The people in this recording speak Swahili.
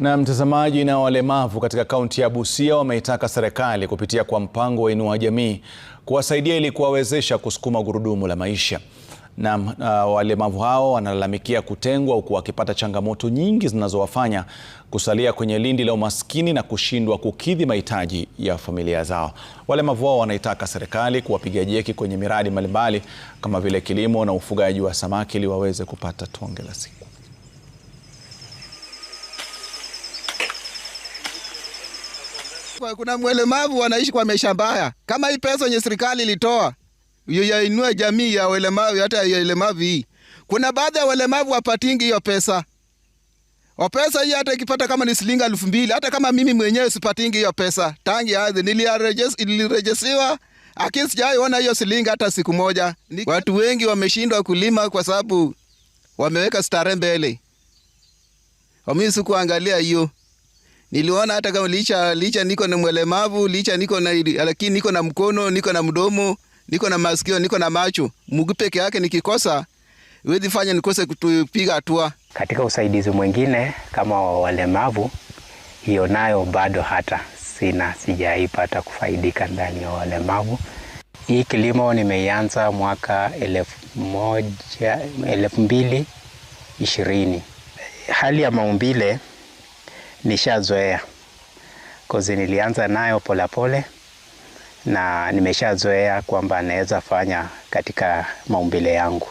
Na mtazamaji, na walemavu katika kaunti ya Busia wameitaka serikali kupitia kwa mpango wa Inua Jamii kuwasaidia ili kuwawezesha kusukuma gurudumu la maisha. Na uh, walemavu hao wanalalamikia kutengwa huku wakipata changamoto nyingi zinazowafanya kusalia kwenye lindi la umaskini na kushindwa kukidhi mahitaji ya familia zao. Walemavu hao wanaitaka serikali kuwapiga jeki kwenye miradi mbalimbali kama vile kilimo na ufugaji wa samaki ili waweze kupata tonge la siku. Kuna mwelemavu wanaishi kwa maisha mbaya. Kama hii pesa yenye serikali ilitoa yainua jamii ya walemavu, hata ya walemavu hii, kuna baadhi ya walemavu wapatingi hiyo pesa. O, pesa hii hata ikipata kama ni shilingi elfu mbili, hata kama mimi mwenyewe sipatingi hiyo pesa tangi adhi nilirejesiwa lakini sijaiona hiyo shilingi hata siku moja. Watu wengi wameshindwa kulima kwa sababu wameweka stare mbele, wamisi kuangalia hiyo Niliona hata kama licha licha niko na mwelemavu licha niko na lakini niko na mkono, niko na mdomo, niko na masikio, niko na macho. mugu peke yake nikikosa, wezi fanya nikose kutupiga hatua. Katika usaidizi mwingine kama walemavu, hiyo nayo bado hata sina sijaipata kufaidika ndani ya walemavu. Hii kilimo nimeianza mwaka elfu moja elfu mbili ishirini. Hali ya maumbile nishazoea kozi nilianza nayo polepole pole, na nimeshazoea kwamba naweza fanya katika maumbile yangu.